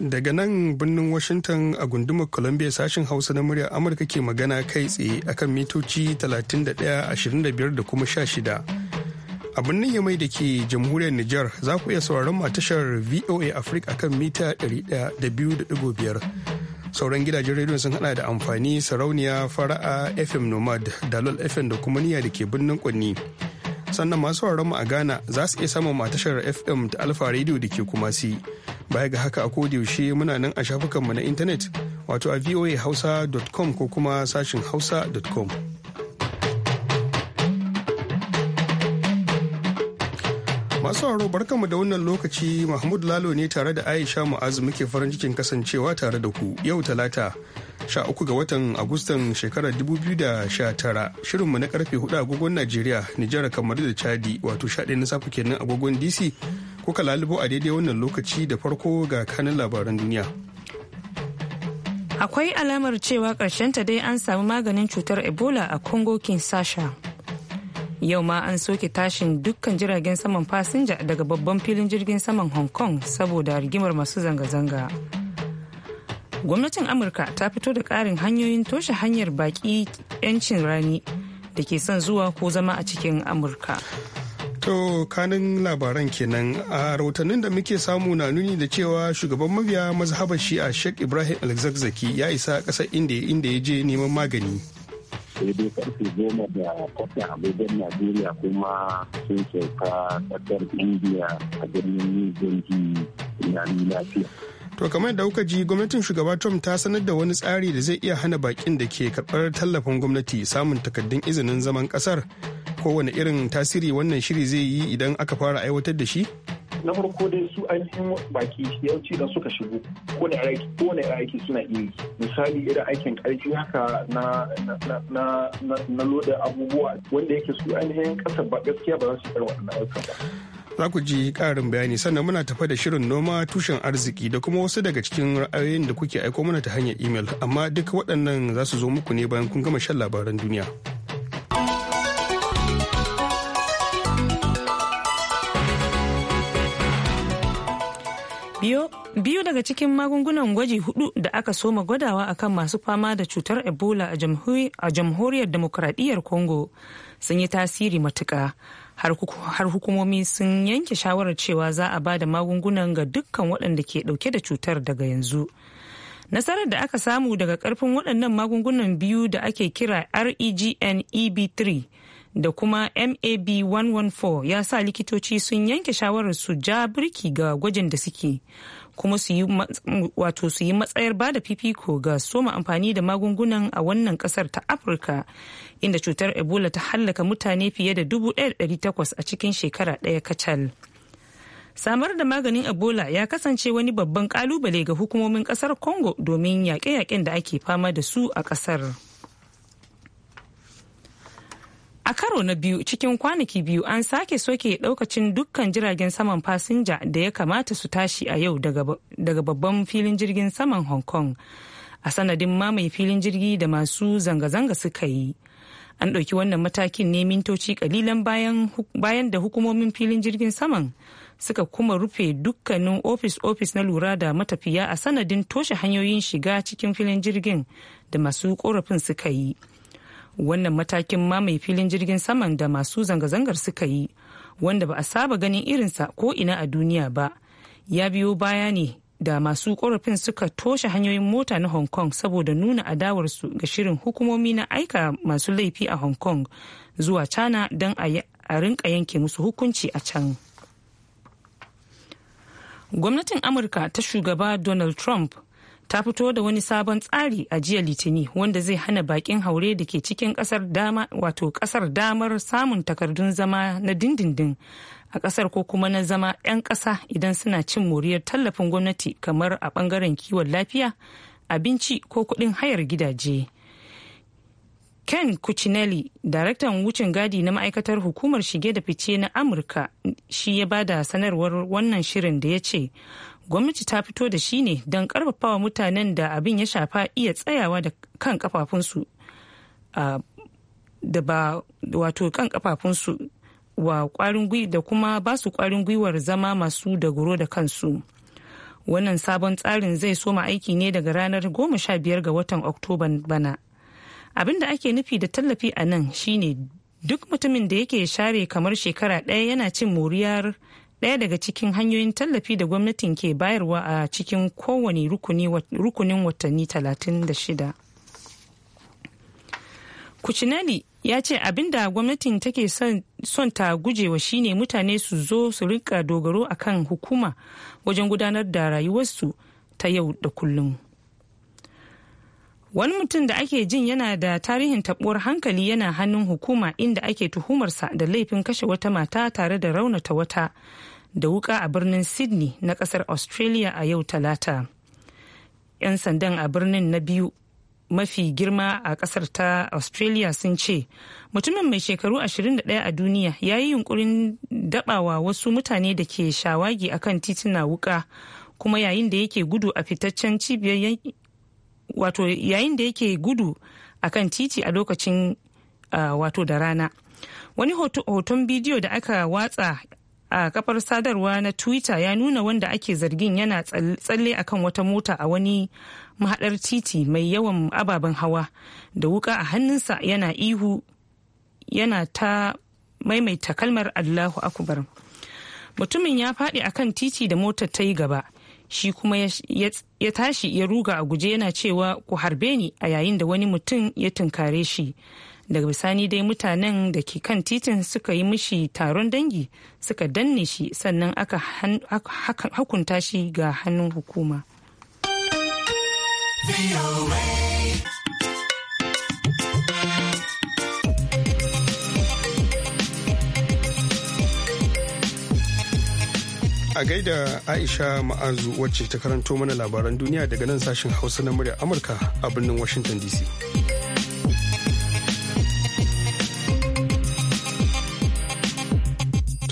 Daga nan birnin Washington a gundumar Columbia sashen Hausa na muryar Amurka ke magana kai tsaye akan mitoci 31, 25 da kuma 16. a birnin yamai da ke jamhuriyar Nijar za ku iya sauraron matashar VOA Africa akan mita 100.5 sauran gidajen rediyon sun hada da amfani sarauniya fara'a FM Nomad, Dalol FM da kuma niyya da ke birnin Kwanni. sannan masu mu a Ghana za su iya samun matashar FM ta Alfa Radio da ke kuma si. Baya ga haka a yaushe muna nan a shafukanmu na intanet wato a voahausa.com ko kuma sashin hausa.com. Masu haro barkanmu da wannan lokaci Mahmud Lalo ne tare da Aisha Mu'azu muke farin cikin kasancewa tare da ku yau talata 13 ga watan Agustan shekarar 2019 shirinmu na karfe 4 agogon Najeriya, Nijar, kamar da Chadi wato shaɗe na safe kenan agogon DC kuka lalibo a daidai wannan lokaci da farko ga kanin labaran duniya. Akwai alamar cewa karshen ta dai an samu maganin cutar Ebola a Congo Kinshasa. Yau ma an soke tashin dukkan jiragen saman fasinja daga babban filin jirgin saman Hong Kong saboda rigimar masu zanga-zanga. gwamnatin amurka ta fito da ƙarin hanyoyin toshe hanyar baƙi 'yancin rani da ke son zuwa ko zama a cikin amurka To kanin labaran kenan a rahotannin da muke samu na nuni da cewa shugaban mabiya mazhabar a Sheikh Ibrahim Alzakzaki ya isa ƙasar Indiya inda ya je neman magani. sai dai karfe goma da kwata agogon Najeriya kuma sun sauka ƙasar Indiya a birnin New Delhi lafiya. To kamar da kuka ji gwamnatin shugaba Trump ta sanar da wani tsari da zai iya hana bakin da ke karɓar tallafin gwamnati samun takaddun izinin zaman ko Kowane irin tasiri wannan shiri zai yi idan aka fara aiwatar da shi? Na farko dai su ainihin baki yawanci da suka shigo ko ne aiki ko ne aiki suna iya misali irin aikin karfi haka na na na abubuwa wanda yake su ainihin kasar ba gaskiya ba za su yi waɗannan aikin ba. za ku ji karin bayani sannan muna tafa da shirin noma tushen arziki da kuma wasu daga cikin ra'ayoyin da kuke aiko mana ta hanyar imel amma duk waɗannan za su zo muku ne bayan kun gama shan labaran duniya. biyu daga cikin magungunan gwaji hudu da aka soma gwadawa akan masu fama da cutar ebola a jamhuriyar demokradiyyar congo sun yi tasiri matuka har hukumomi sun yanke shawarar cewa za a ba da magungunan ga dukkan waɗanda ke ɗauke da cutar daga yanzu nasarar da aka samu daga ƙarfin waɗannan magungunan biyu da ake kira e e regneb 3 da kuma mab 114 ya sa likitoci sun yanke shawarar su ja birki ga gwajin da suke kuma su yi wato su yi matsayar ba da fifiko ga soma amfani da magungunan a wannan kasar ta afirka inda cutar ebola ta hallaka mutane fiye da dubu takwas a cikin shekara ɗaya kacal samar da maganin ebola ya kasance wani babban kalubale ga hukumomin kasar congo domin yaƙe-yaƙen da ake fama da su a kasar. a karo na biyu cikin kwanaki biyu an sake soke daukacin dukkan jiragen saman fasinja da ya kamata su tashi a yau daga babban filin jirgin saman hong kong a sanadin mamaye filin jirgi da masu zanga-zanga suka yi an ɗauki wannan matakin ne mintoci kalilan bayan da hukumomin filin jirgin saman suka kuma rufe dukkanin ofis-ofis na lura da matafiya a sanadin toshe hanyoyin shiga cikin filin jirgin da masu korafin suka yi wannan matakin ma mai filin jirgin saman da masu zanga-zangar suka yi wanda ba a saba ganin irinsa ko ina a duniya ba ya biyo baya ne da masu korafin suka toshe hanyoyin mota na hong kong saboda nuna adawarsu ga shirin hukumomi na aika masu laifi a hong kong zuwa china don a rinka yanke musu hukunci a can gwamnatin amurka ta shugaba donald trump ta fito da wani sabon tsari a jiya litini wanda zai hana bakin haure da ke cikin kasar dama wato kasar damar samun takardun zama na dindindin a kasar ko kuma na zama 'yan kasa idan suna cin moriyar tallafin gwamnati kamar a bangaren kiwon lafiya abinci ko kudin hayar gidaje ken kuchinelli daraktan wucin gadi na ma'aikatar hukumar shige da fice na amurka shi ya bada sanarwar wannan shirin da ya ce gwamnati ta fito da shi ne don karfafawa mutanen da abin ya shafa iya tsayawa da kan kafafunsu da ba wato kan kafafunsu wa kwarin da kuma ba su kwarin gwiwar zama masu dagoro da kansu wannan sabon tsarin zai soma aiki ne daga ranar goma sha biyar ga watan oktoban bana abin da ake nufi da tallafi a nan shine duk mutumin da yake share kamar shekara ɗaya yana cin moriyar ɗaya daga cikin hanyoyin tallafi da gwamnatin ke bayarwa a cikin kowane rukunin watanni 36 kuchinali ya ce abin da gwamnatin take son ta gujewa shine mutane su zo su rika dogaro akan hukuma wajen gudanar da rayuwarsu ta yau da kullum. wani mutum da ake jin yana da tarihin tabuwar hankali yana hannun hukuma inda ake tuhumarsa da laifin kashe wata mata tare da raunata wata da wuka a birnin sydney na kasar australia a yau talata 'yan sandan a birnin na biyu mafi girma a kasar ta australia sun ce mutumin mai shekaru 21 a duniya ya yi yunkurin dabawa wasu mutane da ke shawagi akan tituna wuka kuma yayin da yake gudu a fitaccen cibiyar wato yayin da yake gudu a kan titi a lokacin ah, wato da rana wani hoton bidiyo da aka watsa a kafar sadarwa na twitter ya nuna wanda ake zargin yana tsalle akan wata mota a wani mahadar titi mai yawan ababen hawa da wuka a hannunsa yana ihu yana ta maimaita kalmar allahu akubar mutumin ya faɗi akan titi da motar ta yi gaba shi kuma ya tashi ya ruga a guje yana cewa ku harbe ni a yayin da wani mutum ya tunkare shi daga bisani dai mutanen da ke kan titin suka yi mishi taron dangi suka danne shi sannan aka hakunta shi ga hannun hukuma. a gaida Aisha Ma'azu wacce ta karanto mana labaran duniya daga nan sashen Hausa na murya Amurka a birnin Washington DC.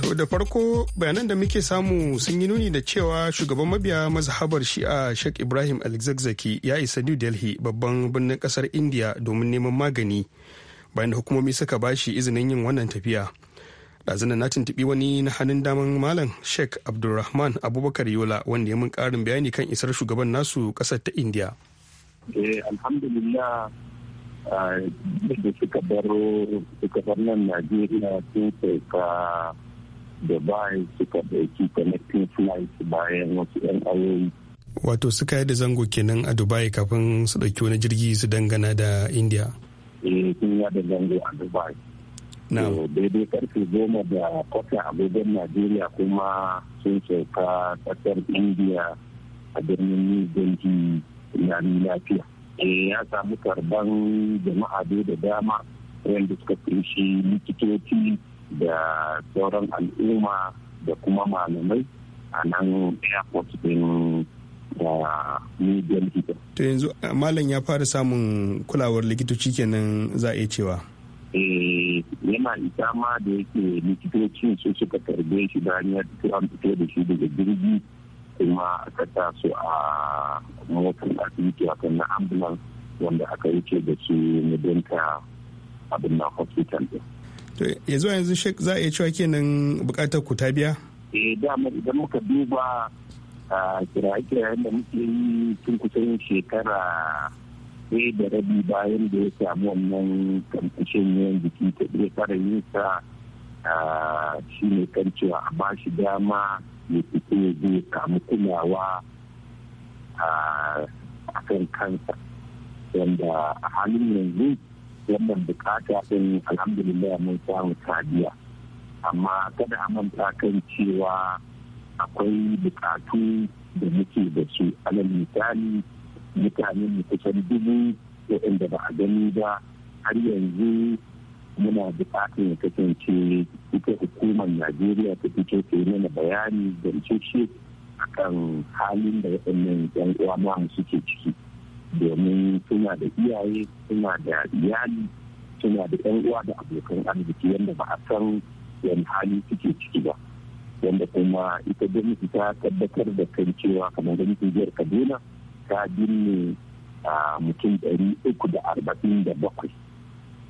To da farko bayanan da muke samu sun yi nuni da cewa shugaban mabiya mazhabar shi'a Sheikh Ibrahim Alzakzaki ya isa New Delhi babban birnin kasar India domin neman magani bayan da hukumomi suka bashi izinin yin wannan tafiya. ɗazunan na tuntuɓi wani na hannun daman malam sheikh abdulrahman abubakar yola wanda ya mun ƙarin bayani kan isar shugaban nasu ƙasar ta indiya eh, alhamdulillah ah, da suka bar suka bar nan najeriya sun sauka dubai suka ɗauki connecting flight bayan wasu 'yan ayoyi wato suka yi da zango kenan a dubai kafin su ɗauki wani jirgi su dangana da india eh sun yi da zango a dubai Eh, daidai karfe goma da kwata agogon najeriya kuma sun sauka kasar india a birnin delhi na lafiya eh, ya samu karban jama'a dai da dama wanda suka kunshi likitoci da sauran al'umma da kuma malamai a nan airport din da new delhi to yanzu eh, malam ya fara samun kulawar likitoci kenan za a iya cewa Eh, yana isa ma da yake likitocin su suka tarbe shi da hanyar fito fito da shi daga jirgi kuma aka sa su a motar asibiti wato na ambulance wanda aka wuce da su medenta abin na hospital din. ya zuwa yanzu za a iya cewa kenan bukatar ku ta biya? eh dama idan muka duba ah, kira-kirayen yadda muke yi tun kusan shekara sai da rabi bayan da ya samu wannan kamfashin yawan jiki ta ɗaya fara yin sa shi ne kan cewa a ba shi dama ya fito ya ya kamu kulawa a kan kansa wanda a halin yanzu wannan bukata ɗin alhamdulillah mun samu sadiya amma kada a manta kan cewa akwai bukatu da muke da su alal misali mutane mu kusan dubu waɗanda ba a gani ba har yanzu muna bukatar ya kasance ita hukumar najeriya ta fito ta yi mana bayani da a akan halin da waɗannan yan uwa namu suke ciki domin suna da iyaye suna da iyali suna da yan uwa da abokan arziki yadda ba a san yan hali suke ciki ba wanda kuma ita gwamnati ta tabbatar da kan cewa kamar gwamnatin jihar kaduna ta binne mutum ɗari uku da arba'in da bakwai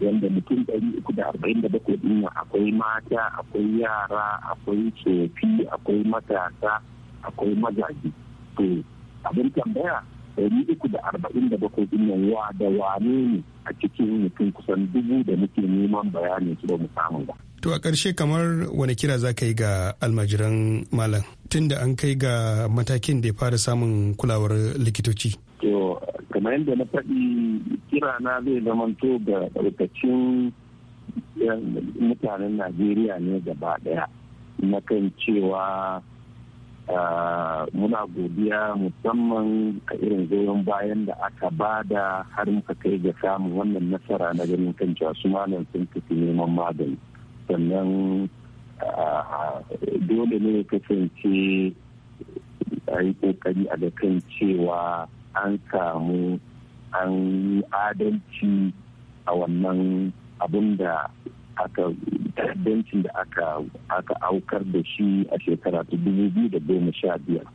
yadda mutum ɗari uku da arba'in da bakwai ɗin akwai mata akwai yara akwai tsofi akwai matasa akwai mazaje to abin tambaya ɗari uku da arba'in da bakwai ɗin wa da wane ne a cikin mutum kusan dubu da muke neman bayanin su da mu samu ba to a ƙarshe kamar wani kira za ka yi ga almajiran malam tun da an kai ga matakin da ya fara samun kulawar likitoci to kamar yadda na faɗi kira na zai zamanto ga ɗaukacin mutanen najeriya ne gaba ɗaya na kan cewa muna godiya musamman a irin goyon bayan da aka ba da har muka kai ga samun wannan nasara na ganin kan cewa su malam sun tafi neman magani sannan dole ne kasance a yi kokari a ga kan cewa an samu an yi adalci a wannan abin da aka ta'addancin da aka aukar da shi a shekara ta dubu biyu da goma sha biyar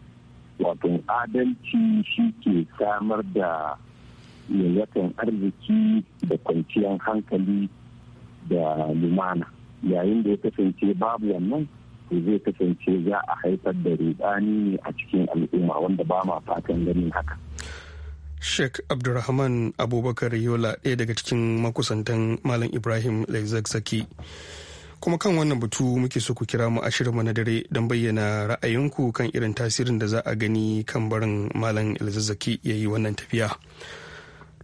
wato adalci shi ke samar da yayyakan arziki da kwanciyar hankali da lumana yayin da ya kasance babu wannan to zai kasance za a haifar da rudani ne a cikin al'umma wanda ba ma fatan ganin haka Sheikh Abdulrahman Abubakar Yola ɗaya daga cikin makusantan Malam Ibrahim Lezakzaki. Kuma kan wannan batu muke so ku kira mu a shirinmu na dare don bayyana ra'ayinku kan irin tasirin da za a gani kan barin Malam Elzazzaki ya yi wannan tafiya.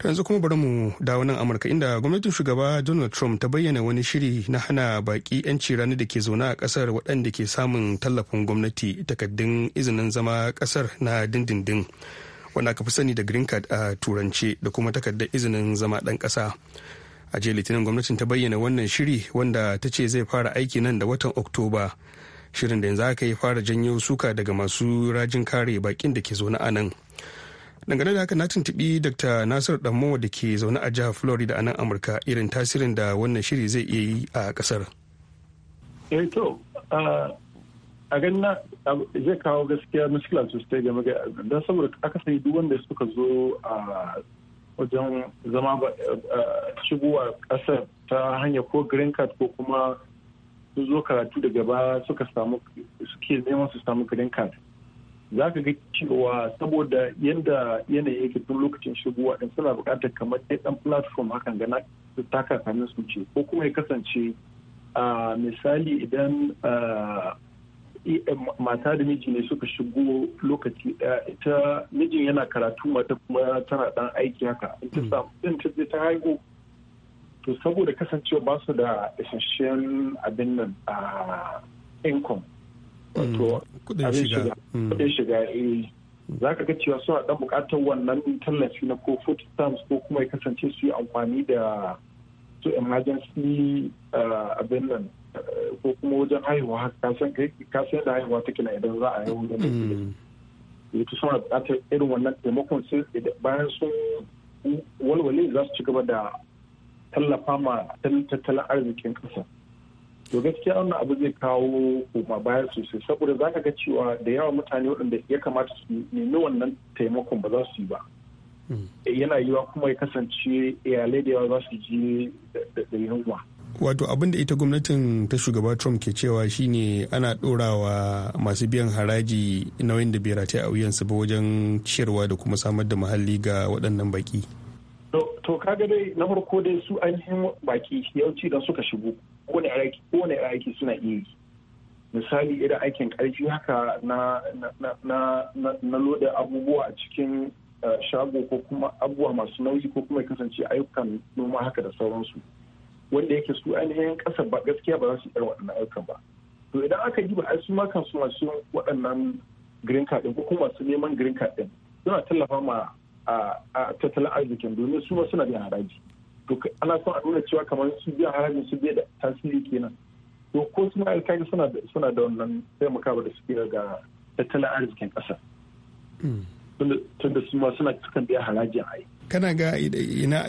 yanzu kuma bari mu dawo nan amurka inda gwamnatin shugaba donald trump ta bayyana wani shiri na hana baki 'yanci ranar da ke zaune a kasar waɗanda ke samun tallafin gwamnati takaddun izinin zama kasar na dindindin wanda aka fi sani da green card a turance da kuma takardar izinin zama ɗan ƙasa a jiya litinin gwamnatin ta bayyana wannan shiri wanda ta ce zai fara aiki nan da watan oktoba shirin da yanzu aka yi fara janyo suka daga masu rajin kare bakin da ke zaune a nan dangane da haka na tuntubi dr nasir damo da ke zaune a jihar florida a nan amurka irin tasirin da wannan shiri zai iya yi a kasar eh to a ganin zai kawo gaskiya mushkila sosai game ga don saboda aka sayi duk wanda suka zo a wajen zama shigowa kasar ta hanyar ko green card ko kuma su zo karatu daga baya suka samu suke neman su samu green card za ka ga cewa saboda yadda yanayi yake tun lokacin shigowa din suna buƙatar kamar ɗaya ɗan platform hakan gana su taka kamin su ce ko kuma ya kasance a misali idan mata da miji ne suka shigo lokaci ɗaya ita mijin yana karatu mata kuma tana ɗan aiki haka ita hmm. samu ta haihu to saboda kasancewa ba su da isasshen abin nan a income wato mm. kudin shiga kudin shiga mm. eh. za ka ga cewa suna dan bukatar wannan tallafi na ko food stamps ko kuma ya kasance su yi amfani da su emergency eh, abin nan eh, ko kuma wajen haihuwa kasan kasan da haihuwa take na idan za a yi wajen da ke mm. suna bukatar irin wannan taimakon sai bayan sun walwale za su ci gaba da tallafa ma tattalin arzikin ƙasa. to gaskiya wannan abu zai kawo koma baya sosai saboda za ka ga cewa da yawa mutane waɗanda ya kamata su nemi wannan taimakon ba za su yi ba hmm. yana yiwa kuma ya kasance iyalai da yawa za su ji da yunwa wato abin da ita gwamnatin ta shugaba trump ke cewa shine ana ɗorawa masu biyan haraji nauyin da ta yi a wuyansu ba wajen ciyarwa da kuma samar da muhalli ga waɗannan baki to kaga dai na farko dai su ainihin baki yawanci da suka shigo kowane aiki kowane aiki suna iya yi misali idan aikin karfi haka na na loda abubuwa a cikin eh, shago ko kuma abubuwa masu nauyi ko kuma kasance ayyukan noma haka da sauransu wanda yake su ainihin kasa ba gaskiya ba za su yi waɗannan ayyukan ba to idan aka yi ba a su makan su masu waɗannan green card ko kuma masu neman green card din suna tallafa ma a tattalin arzikin domin su ma suna biyan haraji to ana son a nuna cewa kamar su biya harajin su biya da tasiri kenan to ko suna alkali suna da suna da wannan taimakawa da suke ga tattalin arzikin ƙasa hmm. tunda suma suna sukan biya harajin ai kana ga ina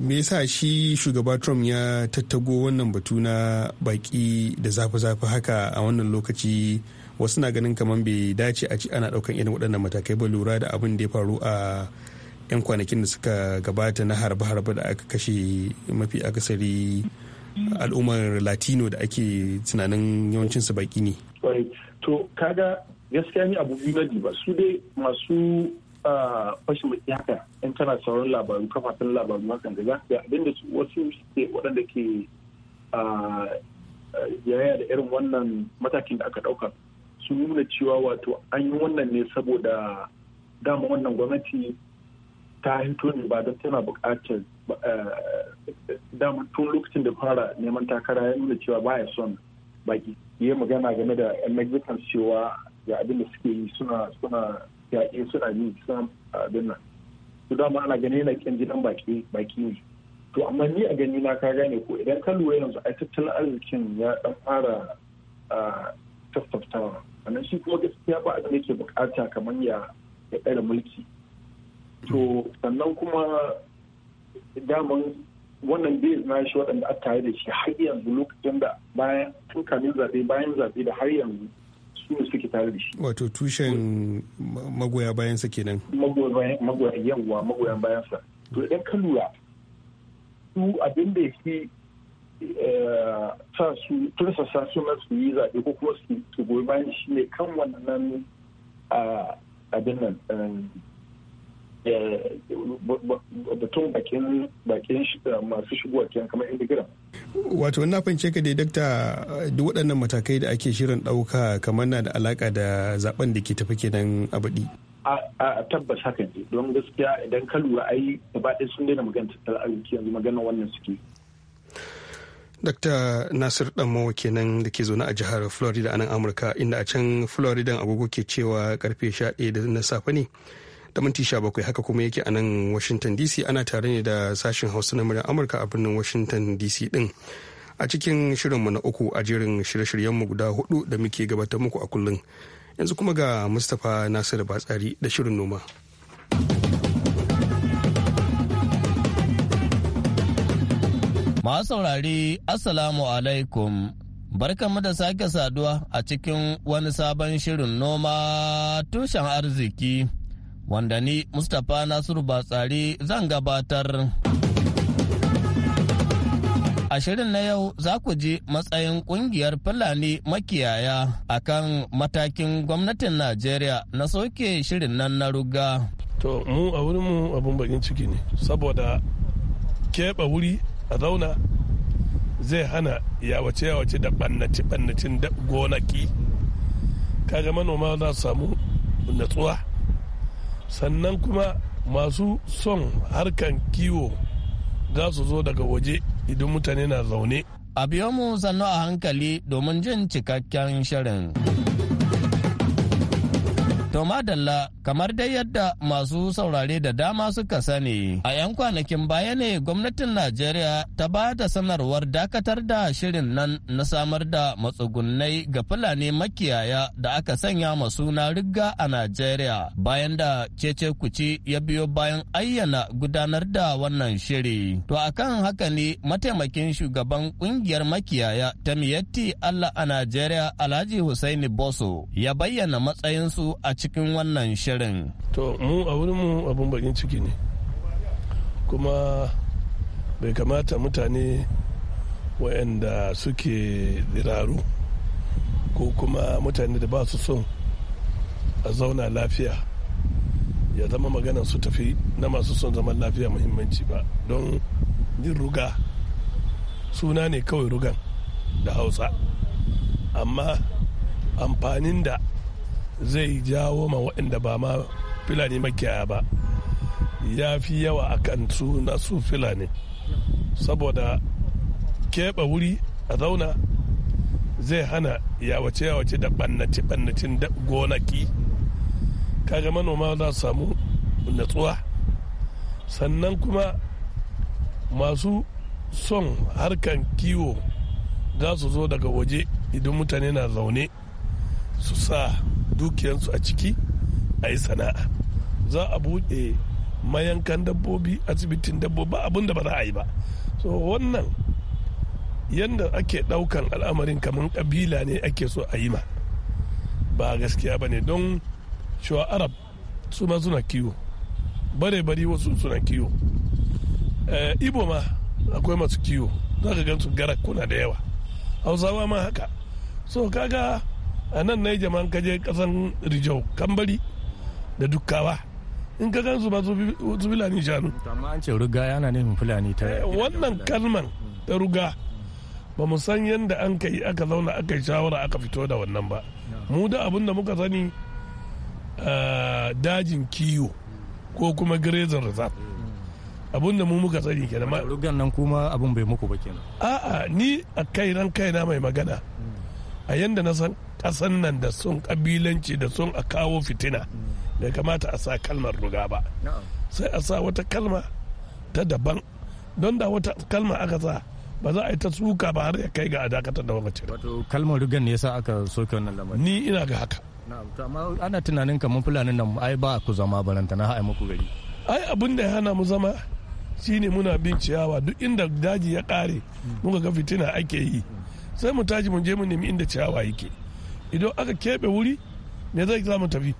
me yasa shi shugaba Trump ya tattago wannan batu na baki da zafi-zafi haka a wannan lokaci wasu na ganin kamar bai dace a ci ana daukan irin waɗannan matakai ba lura da abin da ya faru a 'yan kwanakin da suka gabata na harbe-harbe da aka kashe mafi akasari al'ummar latino da ake tunanin yawancinsu baki ne. to kaga gaskiya ni abu biyu ba su dai masu ah, fashin mai haka yan tana sauran labaru kafafen labaru hakan da za su abinda wasu suke waɗanda ke ah, yaya da irin wannan matakin da aka ɗauka sun nuna cewa wato an yi wannan ne saboda dama wannan gwamnati ta hito ne ba don tana buƙatar eh, damar tun lokacin da fara neman takara ya nuna cewa baya son baki ya magana game da yan mexican cewa ga abin da suke yi suna suna yaƙe suna yi suna abin nan to dama ana ganin yana kyan gidan baki baki ne to amma ni a gani na ka gane ko idan ka lura yanzu ai tattalin arzikin ya dan fara A nan shi kuma gaskiya ba abin da ke bukata kamar ya ya mulki to sannan kuma daman wannan base na shi waɗanda aka tare da shi har yanzu lokacin da bayan tun kamin zaɓe bayan zaɓe da har yanzu su ne suke tare da shi. Wato tushen magoya bayansa kenan. Magoya yawa magoya bayansa. To idan ka lura su abin da yake eh, sa su tursasa su na su yi zaɓe ko kuma su goyi bayan shi ne kan wannan ah, abin nan eh, batun bakin Wato na fahimce ka dai dakta duk waɗannan matakai da ake shirin ɗauka kamar na da alaƙa da zaben da ke tafi kenan a baɗi. A tabbas hakan ne don gaskiya idan ka lura ai gaba ɗaya sun daina magana tattalin arziki yanzu magana wannan suke. Dakta Nasir Danmo kenan da ke zaune a jihar Florida a nan Amurka inda a can Florida agogo ke cewa karfe 11 na safe ne. da minti 17 haka kuma yake a nan washington dc ana tare ne da sashen hausa na muryar amurka a birnin washington dc din a cikin shirinmu na uku a jerin shirye-shiryenmu guda hudu da muke gabatar muku a kullum yanzu kuma ga mustapha nasiru batsari da shirin noma masu saurari assalamu alaikum Barkanmu da sake saduwa a cikin wani sabon shirin noma tushen arziki wanda ni Mustapha Nasiru Batsari zan gabatar. A shirin na yau za ku ji matsayin kungiyar Fulani makiyaya akan matakin gwamnatin Najeriya na soke shirin nan na ruga. To mu a mu abun bakin ciki ne saboda keɓe wuri a zauna zai hana yawace yawace da ɓannaci ɓannacin gonaki. Kaga manoma za su samu natsuwa sannan kuma masu son harkan kiwo za su zo daga waje idan mutane na zaune a biyo mu sannu a hankali domin jin cikakken shirin. To madalla kamar dai yadda masu saurare da dama suka sani a 'yan kwanakin baya ne gwamnatin Najeriya ta ba da sanarwar dakatar da shirin nan na samar da matsugunai ga Fulani makiyaya da aka sanya masu na riga a Najeriya bayan da cece kuci ya biyo bayan ayyana gudanar da wannan shiri. To a kan haka ne mataimakin shugaban kungiyar makiyaya ta Miyatti Allah a Najeriya Alhaji Hussaini Boso ya bayyana matsayinsu a cikin wannan shirin. To mu a mu abun bakin ciki ne kuma bai kamata mutane waɗanda suke diraru ko kuma mutane da ba su son a zauna lafiya ya zama maganan su tafi na masu son zaman lafiya muhimmanci ba don yin ruga suna ne kawai rugan da hausa amma amfanin da zai jawo ma waɗanda ba ma filani makiyaya ba ya fi yawa a kan su na su filani saboda keɓe wuri a zauna zai hana yawace-yawace da ɓannaci ɓannacin gonaki kaga manoma za su samu natsuwa sannan kuma masu son harkan kiwo za su zo daga waje idan mutane na zaune su sa dukiyansu a ciki a yi sana'a za a buɗe mayankan dabbobi asibitin dabbobi abin da ba za a yi ba so wannan yadda ake ɗaukan al'amarin kamar ƙabila ne ake so a yi ma ba gaskiya ba ne don shuwa arab su ma suna kiwo bare bari wasu suna kiwo eh, ibo ma akwai masu kiwo za ka gan su garakuna da yawa hausawa ma haka so kaga a nan na jama'an kaje kasan rijau kambari da dukkawa in ka gansu ba su filani shanu amma an ce ruga yana nufin fulani ta eh, wannan kalman hmm. ta ruga ba mu san yadda an kai aka zauna aka yi shawara aka fito da wannan ba mu da abin da muka sani ah, dajin kiyo ko kuma grazing reserve hmm. abin da mu muka sani ke ma rugan nan kuma abin bai muku ba kenan a'a ni a kai ran na mai magana hmm. a yanda na san kasan nan da sun ƙabilanci da sun a kawo fitina bai kamata a sa kalmar ruga ba sai a sa wata kalma ta daban don da wata kalma aka sa ba za a yi ta suka ba har ya kai ga dakatar da wacce wato kalmar rugan ne yasa aka soke wannan lamarin ni ina ga haka amma ana tunanin kamar fulani nan ai ba ku zama baranta na haɗa muku gari ai abin da ya hana mu zama shine muna bin ciyawa duk inda daji ya kare muka ga fitina ake yi sai mu taji mu je mu nemi inda ciyawa yake idan aka keɓe wuri me zai zama tafi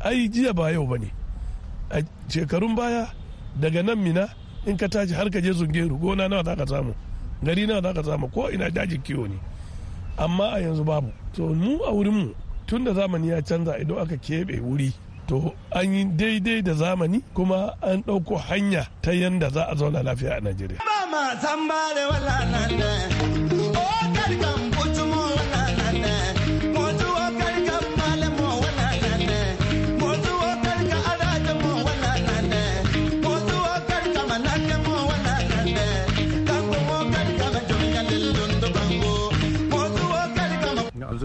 ai jiya ba yau ba ne a shekarun baya daga nan mina in ka tashi har ka je zungeru gona nawa za ka samu gari nawa za ka samu ko ina dajin kiwo ne amma a yanzu babu to mu a wurinmu tun da zamani ya canza idan aka keɓe wuri to an yi daidai da zamani kuma an ɗauko hanya ta yanda za a zauna lafiya a najeriya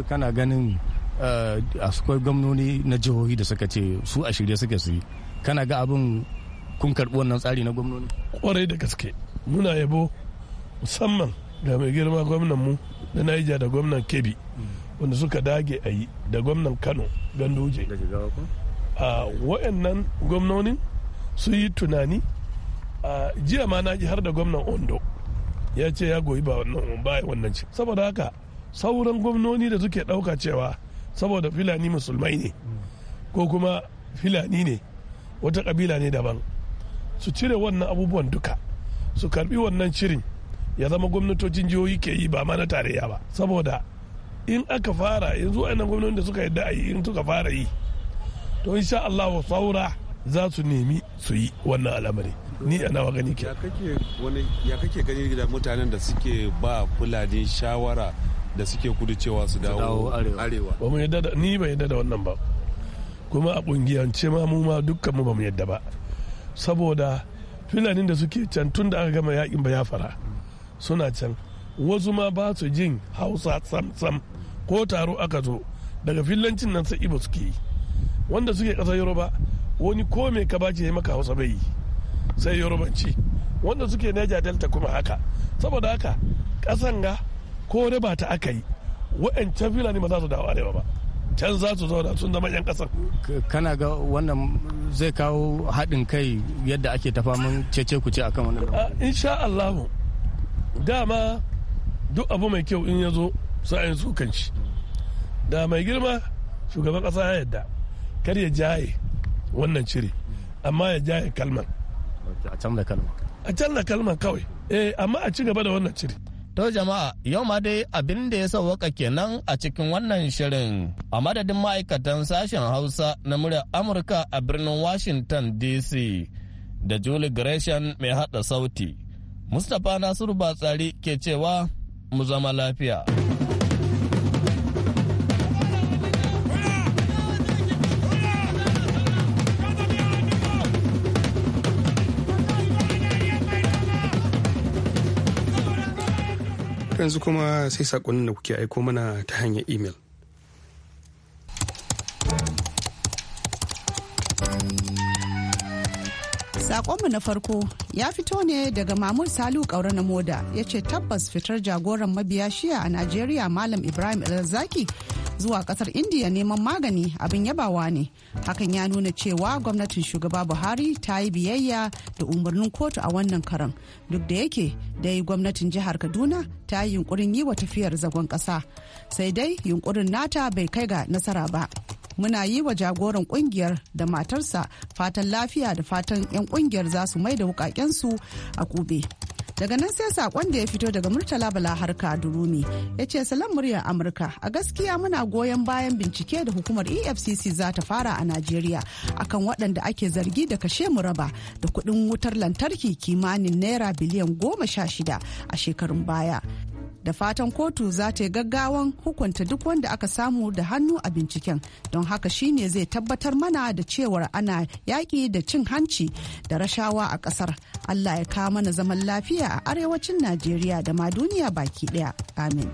kana ganin eh, akwai gwamnoni na jihohi da suka ce su a shirye suke su yi kana ga abin kun karɓi wannan tsari na gwamnoni kwarai da gaske muna yabo musamman ga mai girma gwamnan mu da naija da gwamnan kebi wanda suka dage a yi da gwamnan kano ganduje a wa'annan gwamnonin su yi tunani a jiya ma na ji har da gwamnan ondo ya ce ya goyi ba wannan saboda haka sauran gwamnoni da suke ɗauka cewa saboda filani musulmai ne ko kuma filani ne wata kabila ne daban su cire wannan abubuwan duka su karbi wannan shirin ya zama gwamnatocin jihohi ke yi ba ma na tarayya ba saboda in aka fara yanzu ainihin gwamnoni da suka yadda a yi in suka fara yi to insha Allah wa saura za su nemi su yi wannan al'amari ni a nawa gani ke ya kake gani da mutanen da suke ba fulani shawara da suke kudu cewa su dawo arewa ba yadda ni ba yadda da wannan ba kuma a kungiyance ma mu ma dukkan mu ba mu yadda ba saboda filanin da suke can tun da aka gama yakin ba ya fara suna can wasu ma ba su jin hausa sam sam ko taro aka zo daga filancin nan sai ibo suke yi wanda suke kasar yoruba wani ko mai ka bace ya maka hausa bai yi sai yorubanci wanda suke neja delta kuma haka saboda haka kasan ga ko riba ta aka yi wa'ancan filani ba za su dawo arewa ba can za su zauna sun zama 'yan kasan. kana ga wannan zai kawo haɗin kai yadda ake tafa mun cece ku ce akan wannan sha Allah dama duk abu mai kyau in ya zo sa'ayin su kan da mai girma shugaban ƙasa ya yadda kar ya jaye wannan cire amma ya jaye kalmar. a can da kalmar a can da kalmar kawai eh amma a ci gaba da wannan cire To jama'a yau ma dai abin da ya sauwaka kenan a cikin wannan shirin a madadin ma'aikatan sashen Hausa na muryar Amurka a birnin Washington DC da Julie Gresham mai hada sauti. Mustapha Nasiru Batsari ke cewa mu zama lafiya. yanzu kuma sai saƙonin da kuke aiko mana ta hanyar imel. saƙonmu na farko ya fito ne daga Mamun Salu Ƙaura na Moda ya ce tabbas fitar jagoran mabiya shiya a Najeriya Malam Ibrahim Elzaki zuwa kasar indiya neman magani abin yabawa ne hakan ya nuna cewa gwamnatin shugaba buhari ta yi biyayya da umarnin kotu a wannan karan duk da yake dai gwamnatin jihar kaduna ta yi yunkurin yi wa tafiyar zagon kasa sai dai yunkurin nata bai kai ga nasara ba muna yi wa jagoran kungiyar da matarsa fatan lafiya da fatan 'yan kungiyar za su mai da wukakensu a kube daga nan sai sakon da ya fito daga murtala bala harka durumi ya ce salam muryar amurka a gaskiya muna goyon bayan bincike da hukumar efcc za ta fara a najeriya akan waɗanda ake zargi da kashe mu raba da kuɗin wutar lantarki kimanin naira biliyan goma sha shida a shekarun baya da fatan kotu za ta yi gaggawan hukunta duk wanda aka samu da hannu a binciken don haka shine zai tabbatar mana da cewar ana yaƙi da cin hanci da rashawa a ƙasar Allah ya kawo mana zaman lafiya a arewacin Najeriya da ma duniya baki daya. Amin.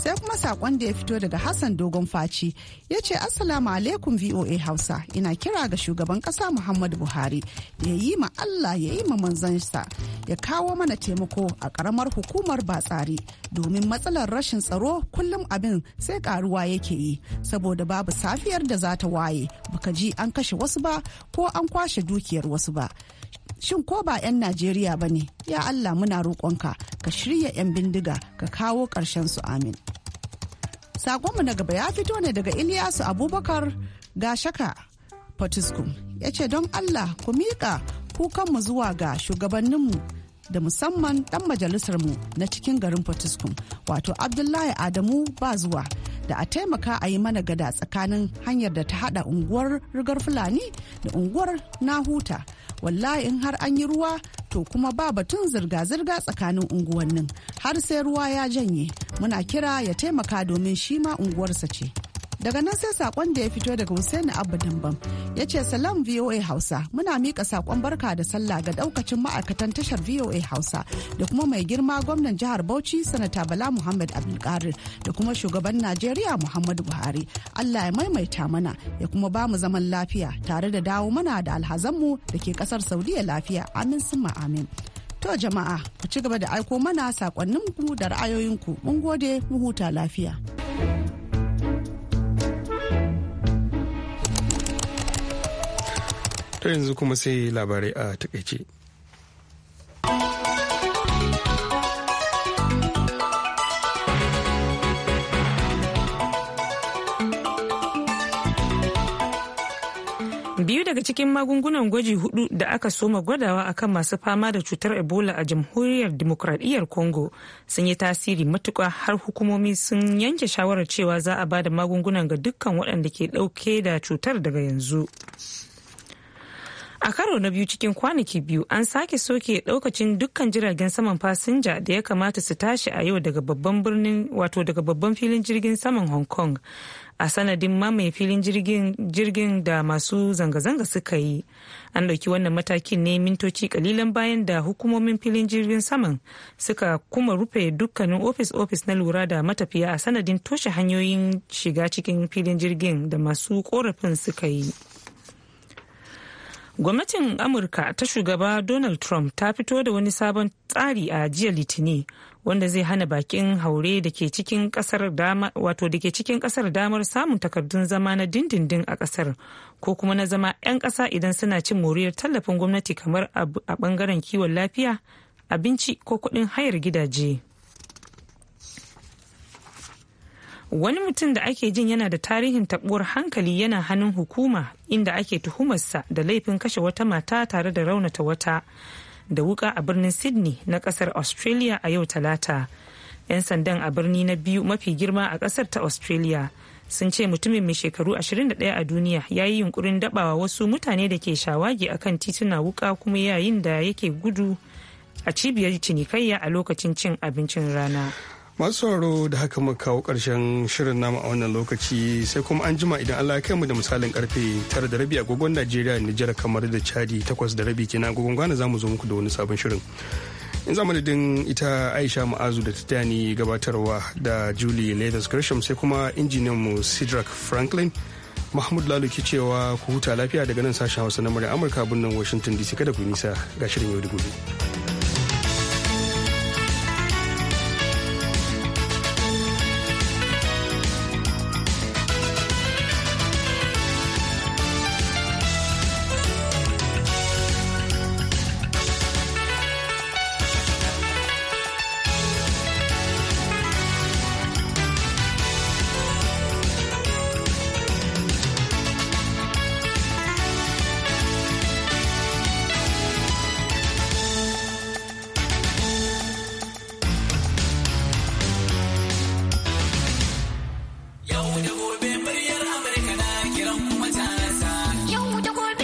Sai kuma saƙon da ya fito daga Hassan Dogon Faci ya ce Assalamu alaikum VOA Hausa ina kira ga shugaban ƙasa Muhammadu Buhari da ya yi ma Allah ya yi ma manzansa ya kawo mana taimako a ƙaramar hukumar batsari domin matsalar rashin tsaro kullum abin sai ƙaruwa yake yi saboda babu safiyar da za ta waye baka ji an kashe wasu ba ko an kwashe dukiyar wasu ba. shin ko ba 'yan Najeriya ba ne, ya Allah muna roƙonka ka shirya 'yan bindiga ka kawo ƙarshen su amin. Sakonmu na gaba ya fito ne daga Iliyasu Abubakar Gashaka potiskum ya ce don Allah ku miƙa kukanmu zuwa ga shugabanninmu da musamman dan majalisarmu na cikin garin Fortiskum wato Abdullahi Adamu ba zuwa da a taimaka a yi mana gada tsakanin hanyar da ta hada unguwar rigar Fulani da unguwar na huta. Wallahi in har an yi ruwa to kuma ba batun zirga-zirga tsakanin unguwannin har sai ruwa ya janye muna kira ya taimaka domin shi ma unguwarsa ce. daga nan sai sakon da ya fito daga Hussein Abba Dambam ya ce salam VOA Hausa muna mika sakon barka da sallah ga daukacin ma'aikatan tashar VOA Hausa da kuma mai girma gwamnan jihar Bauchi sanata Bala Muhammad Abdulkadir da kuma shugaban Najeriya Muhammadu Buhari Allah ya maimaita mana ya kuma ba mu zaman lafiya tare da dawo mana da alhazanmu da ke kasar Saudiya lafiya amin summa amin. To jama'a ku ci gaba da aiko mana sakonninku da ra'ayoyinku mun gode mu huta lafiya. har yanzu kuma sai labarai a takaice. biyu daga cikin magungunan gwaji hudu da aka soma gwadawa akan masu fama da cutar ebola a jamhuriyar demokradiyyar congo sun yi tasiri matuka har hukumomi sun yanke shawarar cewa za a ba da magungunan ga dukkan waɗanda ke ɗauke da cutar daga yanzu a karo na biyu cikin kwanaki biyu an sake soke daukacin dukkan jiragen saman fasinja da ya kamata su tashi a yau daga babban birnin wato daga babban filin jirgin saman hong kong a sanadin mamaye filin jirgin jirgin da masu zanga-zanga suka yi an ɗauki wannan matakin ne mintoci kalilan bayan da hukumomin filin jirgin saman suka kuma rufe dukkanin ofis-ofis na lura da matafiya a sanadin toshe hanyoyin shiga cikin filin jirgin da masu korafin suka yi. Gwamnatin Amurka ta shugaba Donald Trump ta fito da wani sabon tsari a jiya Litini wanda zai hana bakin haure da ke cikin kasar dama wato da ke cikin kasar damar samun takardun zama na dindindin a kasar ko kuma na zama 'yan kasa idan suna cin moriyar tallafin gwamnati kamar a bangaren kiwon lafiya abinci ko kudin hayar gidaje. wani mutum da ake jin yana da tarihin tabuwar hankali yana hannun hukuma inda ake tuhumarsa da laifin kashe wata mata tare da raunata wata da wuka a birnin sydney na kasar australia a yau talata 'yan sandan a birni na biyu mafi girma a kasar ta australia sun ce mutumin mai shekaru 21 a duniya ya yi yunkurin dabawa wasu mutane da ke shawagi akan tituna wuka kuma yayin da yake gudu a cibiyar cinikayya a lokacin cin abincin rana masu sauraro da haka muka kawo ƙarshen shirin nama a wannan lokaci sai kuma an jima idan Allah ya kai mu da misalin karfe tara da rabi agogon Najeriya Nijar kamar da Chadi takwas da rabi kenan agogon za mu zo muku da wani sabon shirin. In za din ita Aisha Ma'azu da Titani gabatarwa da Julie Leathers Gresham sai kuma injiniyan mu cedric Franklin Mahmud Lalu ke cewa ku huta lafiya daga nan sashen Hausa na murya Amurka birnin Washington DC kada ku nisa ga shirin yau da gobe.